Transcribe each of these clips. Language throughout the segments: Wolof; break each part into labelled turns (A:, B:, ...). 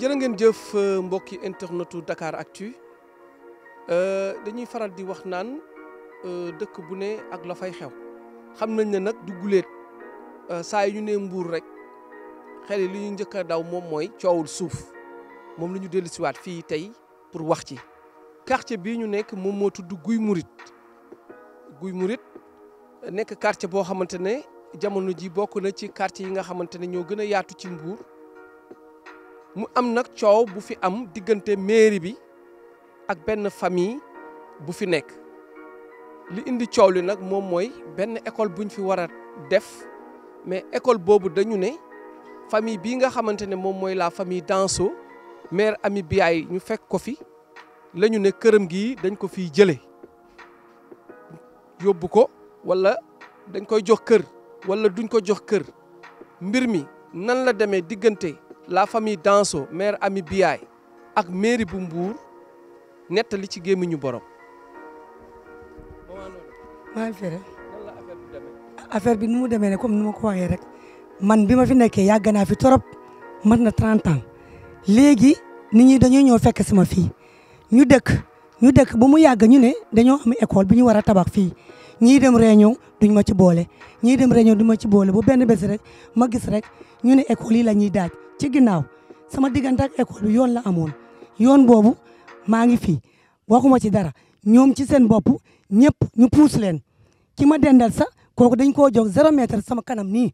A: jërë ngeen jëf euh, mbokki internetu Dakar Actu euh, dañuy faral di wax naan euh, dëkk bu ne ak la xew xam nañ ne nag du guleet saa yu ñu ne mbuur rek xel yi li ñu njëkk a daw moom mooy coowul suuf moom la ñu dellu siwaat fii tey pour wax ci quartier bii ñu nekk moom moo tudd Guy Murit Guy Murit nekk quartier boo xamante ne jamono ji bokk na ci quartier yi nga xamante ne ñoo gën a yaatu ci mbuur mu am nag coow bu fi am diggante mairie bi ak benn famille bu fi nekk li indi coow li nag moom mooy benn école bu ñu fi war a def mais école boobu dañu ne famille bii nga xamante ne moom mooy la famille Danso mère Ami Biaye ñu fekk ko fi la ñu ne këram gii dañ ko fi jële yóbbu ko wala dañ koy jox kër wala duñ ko jox kër mbir mi nan la demee diggante la famille Danso maire Ami Biaye ak mairie bu Mbour nettali ci gémmiñu borom. maa
B: ngi affaire bi nu mu demee ne comme nu mu ko rek man bi ma fi nekkee yàgg naa fi torop mat na 30 ans léegi nit ñi dañuy ñëw fekk si ma fii ñu dëkk ñu dëkk ba mu yàgg ñu ne dañoo am école bi ñu war a tabax fii. ñii dem réunion duñ ma ci boole ñii dem réunion duñ ma ci boole bu benn bés rek ma gis rek ñu ne école yi la ñuy daaj ci ginnaaw sama diggante ak yoon la amoon yoon boobu maa ngi fii waxuma ci dara ñoom ci seen bopp ñëpp ñu puus leen ki ma dendal sax kooku dañ koo jox zéro sama kanam nii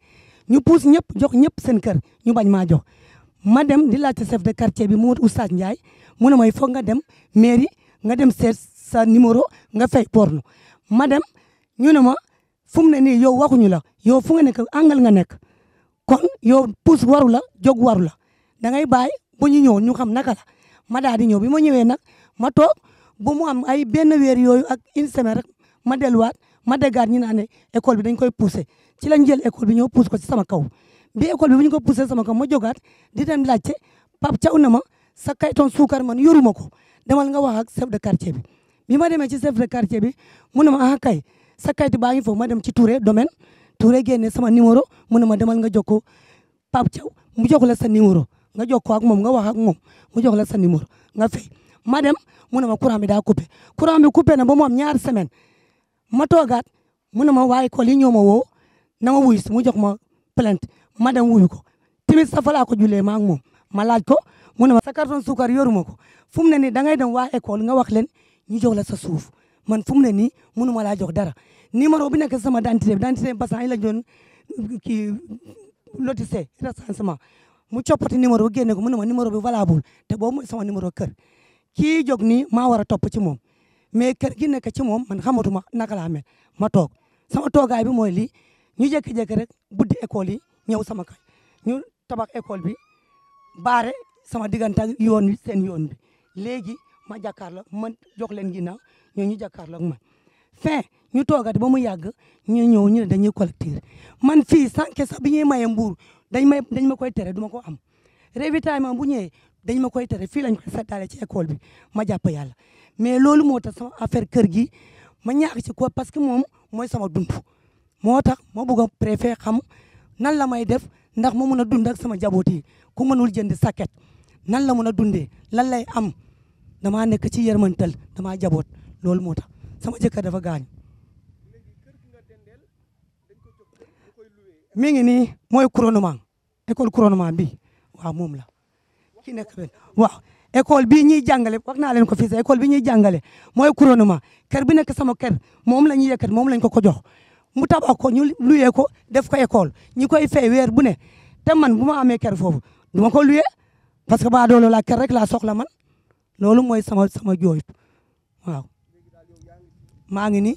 B: ñu puus ñëpp jox ñëpp seen kër ñu bañ maa jox ma dem di laajte chef de quartier bi mu Oustaz Ndiaye mu ne mooy foog nga dem mairie nga dem seet sa numéro nga fay porno ma dem ñu ne ma fu ne nii yow waxuñu la yow fu nga nekk àngal nga nekk kon yow pousse waru la jóg waru la da ngay bàyyi bu ñu ñëw ñu xam naka la ma daal di ñëw bi ma ñëwee nag ma toog bu mu am ay benn weer yooyu ak une semaine rek ma delluwaat ma déggaat ñu naan ne école bi dañ koy poussé ci lañ jël école bi ñëw pousse ko ci sama kaw bi école bi bu ñu ko poussé sama kaw ma jogaat di dem laajte Pape Thiaw na ma sa kayitoon suukar man yoruma ko demal nga wax ak chef de quartier bi bi ma demee ci chef de bi mu ne ma ah kay sa kayitu baa ngi foofu ma dem ci Touré domaine Touré génne sama numéro mu ne ma demal nga jokkoo Pape Thiaw mu jox la sa numéro nga jokkoo ak moom nga wax ak moom mu jox la sa numéro nga fay. ma dem mu ne ma courant bi daa coupé courant bi coupé na ba mu am ñaari semaine ma toogaat mu ne ma waaye ko lii ñoo ma woo na ma wuyu si mu jox ma plainte ma dem wuyu ko tamit sa fa laa ko moom ma laaj ko mu ne ma sa carton suukar yoruma ko fu mu ne nii da dem waa école nga wax leen ñu jox la sa suuf. man fu mu ne nii mënuma laa jog dara numéro bi nekk sama dentité dentité basan yi la doon euh, kii lotissé recensement mu coppati numéro bi génne ko mu ne ma numéro bi valable te boobu mooy sama numéro kër kii jóg nii maa war a topp ci moom mais kër gi nekk ci moom man xamatuma naka laa mel ma toog sama toogaay bi mooy lii ñu jékki-jékki rek buddi école yi ñëw sama kay ñu tabax école bi bare sama diggante ak yoon wi seen yoon bi léegi ma jàkkaarloo man jox leen ginnaaw ñoo ñu jàkkaarloo ak ñu toogati ba mu yàgg ñu ñëw ñu dañuy collecter man fii sànq sax bi ñuy maye mbuur dañ may dañ ma koy tere du ko am ravitaillement bu ñëwee dañ ma koy tere fii lañ koy fettaale ci école bi ma jàpp yàlla mais loolu moo tax sama affaire kër gi ma ñaax ci ko parce que moom mooy sama dund moo tax ma bëgg a préfet xam nan la may def ndax ma mun a dund ak sama jaboot yi ku mënul jënd saket nan la mun a dundee lan lay am damaa nekk ci yërmantal damaa jaboot loolu moo tax sama jëkkër dafa gaañ mi ngi ni mooy couronnement école couronnement bi waaw moom la ki nekk benn waaw école bii ñuy jàngale wax naa leen ko fii école bi ñuy jàngale mooy couronnement kër bi nekk sama ker moom la ñuy yëkkat moom lañ ko ko jox mu tabax ko ñu luyee ko def ko école ñi koy fay weer bu ne te man bu ma amee kër foofu du ko luyee parce que ba doolo la kër rek laa soxla man loolu mooy sama sama jooytu waaw maa ngi ni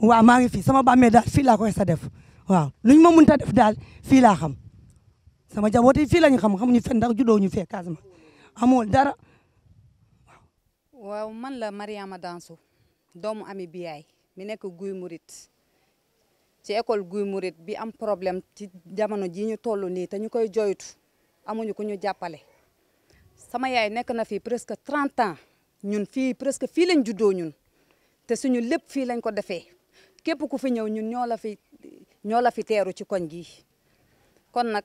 B: waaw maa ngi fi sama bàmmee daal fii laa koy sa def waaw luñ ma mënta def daal fii laa xam sama jaboot yi fii lañu xam xamuñu fen ndax juddoo ñu fee Casamance amul dara
C: waaw man la Mariama Danso doomu Ami Biyaay mi nekk Guy Murit ci école Guy Murit bi am problème ci jamono ji ñu toll nii te ñu koy joytu amuñu ku ñu jàppale sama yaay nekk na fii presque 30 ans ñun fii presque fii lañ juddoo ñun te suñu lépp fii lañ ko defee képp ku fi ñëw ñun ñoo la fi ñoo la fi teeru ci koñ gi kon nag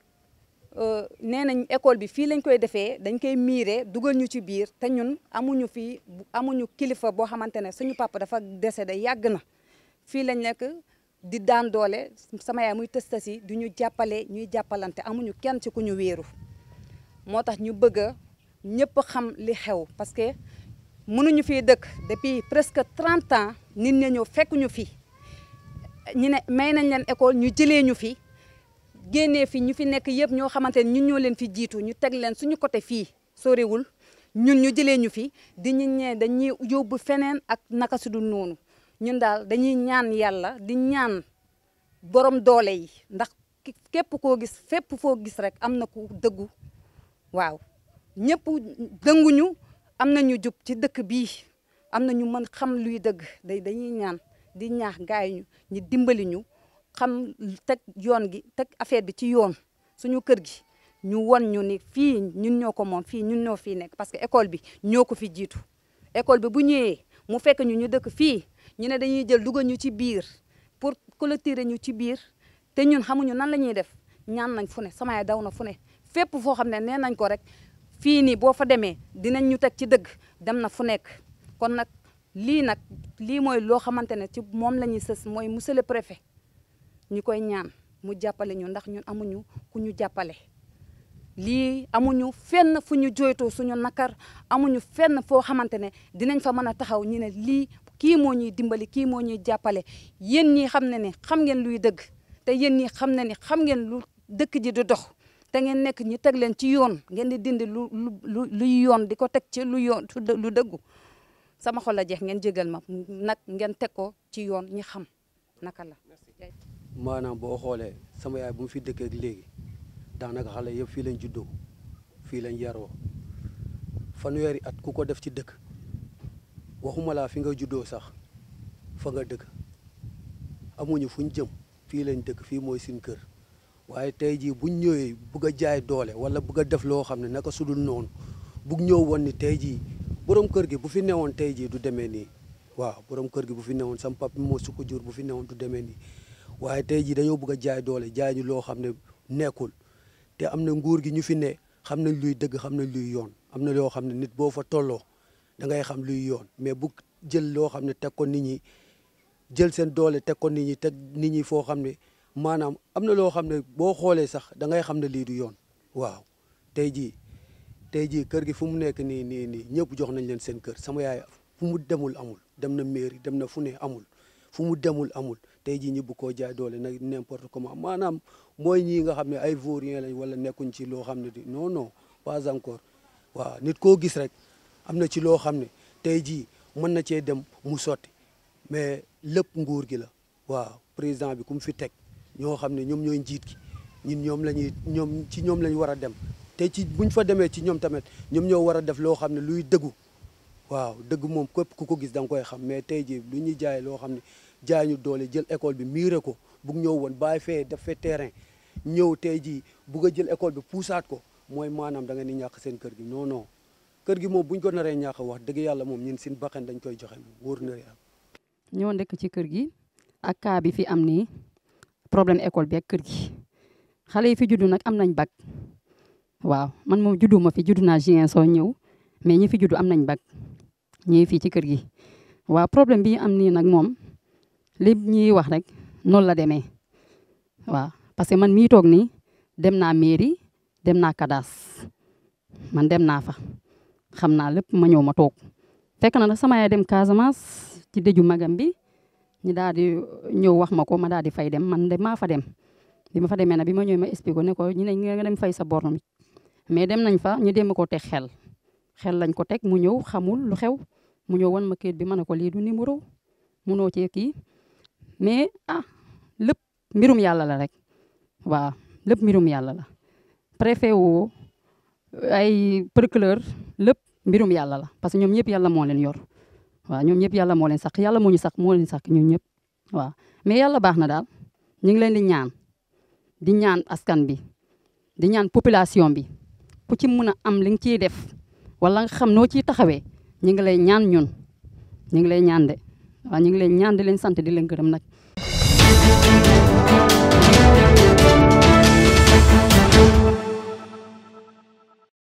C: euh, nee nañ école bi fii lañ koy defee dañ koy miire dugal ñu ci biir te ñun amuñu fii amuñu kilifa boo xamante ne suñu papa dafa dese da yàgg na fii lañ nekk di daan doole sama yaay muy tëstasi di ñu jàppale ñuy jàppalante amuñu kenn ci ku ñu wéeru moo tax ñu bëgg ñëpp xam li xew parce que mënuñu fii dëkk depuis presque trente ans nit ña ñëw fekk ñu fi ñu ne may nañ leen école ñu jëlee ñu fi génne fi ñu fi nekk yëpp ñoo xamante ne ñu ñoo leen fi jiitu ñu teg leen suñu côté fii soriwul ñun ñu jëlee ñu fi di ñu ñee dañuy yóbbu feneen ak naka su dul noonu ñun daal dañuy ñaan yàlla di ñaan borom doole yi ndax képp koo gis fépp foo gis rek am na ku dëggu waaw ñëpp dënguñu am na ñu jub ci dëkk bii am na ñu mën xam luy dëgg day dañuy ñaan di ñaax gaay ñu ñu dimbali ñu xam teg yoon gi teg affaire bi ci yoon suñu kër gi ñu won ñu ni fii ñun ñoo ko moom fii ñun ñoo fii nekk parce que école bi ñoo ko fi jiitu école bi bu ñëwee mu fekk ñu ñu dëkk fii ñu ne dañuy jël dugal ñu ci biir pour clôturer ñu ci biir te ñun xamuñu nan la ñuy def ñaan nañ fu ne sama daw na fu ne fépp foo xam ne nee nañ ko rek fii nii boo fa demee dinañ ñu teg ci dëgg dem na fu nekk kon nag lii nag lii mooy loo xamante ne ci moom lañuy sës mooy monsieur le préfet ñu koy ñaan mu jàppale ñu ndax ñun amuñu ku ñu jàppale. lii amuñu fenn fu ñu jooytoo suñu nakar amuñu fenn foo xamante ne dinañ fa mën a taxaw ñu ne lii kii moo ñuy dimbali kii moo ñuy jàppale yéen ñii xam ne ne xam ngeen luy dëgg te yéen ñii xam ne ni xam ngeen lu dëkk ji du dox. te ngeen nekk ñu teg leen ci yoon ngeen di dindi lu lu lu yoon di ko teg ci lu yoon lu dëggu sama xol a jeex ngeen jégal ma ngeen teg ko ci yoon ñi xam naka la.
D: maanaam boo xoolee sama yaay bu mu fi dëkkee ak léegi daanaka xale yëpp fii lañ juddoo fii lañ yaroo fanweeri at ku ko def ci dëkk waxuma laa fi nga juddoo sax fa nga dëkk amuñu fuñ jëm fii lañ dëkk fii mooy suñu kër. waaye tey jii buñ ñëwee bëgg a jaay doole wala bëgg a def loo xam ne naka sudul noonu bug ñëw woon ni tey jii borom kër gi bu fi newoon tey jii du demee nii waaw borom kër gi bu fi newoon sam pap moo su ko jur bu fi newoon du demee nii waaye tey jii dañoo bëgg a jaay doole jaay ñu loo xam ne nekkul te am na nguur gi ñu fi ne xam na luy dëgg xam na luy yoon am na loo xam ne nit boo fa tolloo da ngay xam luy yoon mais bu jël loo xam ne teg ko nit jël seen doole teg ko nit teg nit ñi foo xam ne maanaam am na loo xam ne boo xoolee sax da ngay xam ne lii du yoon waaw tey jii tey jii kër gi fu mu nekk nii nii nii ñëpp jox nañ leen seen kër sama yaay fu mu demul amul dem na mairie dem na fu ne amul fu mu demul amul tey jii ñu bëgg koo jaay doole nag n'importe comment maanaam mooy ñi nga xam ne ay vaurien lañ wala nekkuñ ci loo xam ne di non non pas encore waaw nit koo gis rek am na ci loo xam ne tey jii mën na cee dem mu sotti mais lépp nguur gi la waaw président bi ku mu fi teg ñoo xam ne ñoom ñooy njiit gi ñun ñoom la ñuy ñoom ci ñoom la ñu war a dem te ci buñ fa demee ci ñoom tamit ñoom ñoo war a def loo xam ne luy dëggu waaw dëgg moom képp ku ko gis da nga koy xam mais tey jii lu ñu jaay loo xam ne jaay ñu doole jël école bi miire ko bug ñëw woon bàyyi fee def fee terrain ñëw tey jii bugg a jël école bi puusaat ko mooy maanaam da nga ni ñàkk seen kër gi non non kër gi moom bu ñu ko naree ñàkk wax dëgg yàlla moom ñun seen bakkan dañ koy joxe wóor na yàlla.
E: ñoo nekk ci kër gi ak kaa fi am nii. problème école bi ak kër gi xale yi fi juddu nag am nañ bag waaw man moom juddu ma fi juddu naa juin soo ñëw mais ñi fi juddu am nañ bag ñii fii ci kër gi. waaw problème bi am nii nag moom li ñuy wax rek noonu la demee waaw parce que man mii toog nii dem naa mairie dem naa kadaas man dem naa fa xam naa lépp ma ñëw ma toog fekk na nag sama dem Casamance ci dëju magam bi. ñi daal di uh, ñëw wax ma ko ma daal di fay dem man de maa fa dem bi ma fa demee nag bi ma ñëwee ma expliqué ne ko ñu ne nga dem fay sa borne mais dem nañ fa ñu dem ko teg xel xel lañ ko teg mu ñëw xamul lu xew mu ñëw wan ma kayit bi ma ne ko lii du numéro munoo cee kii mais ah lépp mbirum yàlla la rek waaw lépp mbirum yàlla la préfet woo ay procureur lépp mbirum yàlla la parce que ñoom ñëpp yàlla moo leen yor. waaw ñoom ñëpp yàlla moo leen sax yàlla moo ñu sax moo leen sax ñoom ñëpp waaw mais yàlla baax na daal ñu ngi leen di ñaan di ñaan askan bi di ñaan population bi ku ci mën a am li nga ciy def wala nga xam noo ciy taxawee ñu ngi lay ñaan ñun ñu ngi lay ñaan de waaw ñu ngi lay ñaan di leen sant di leen gërëm nag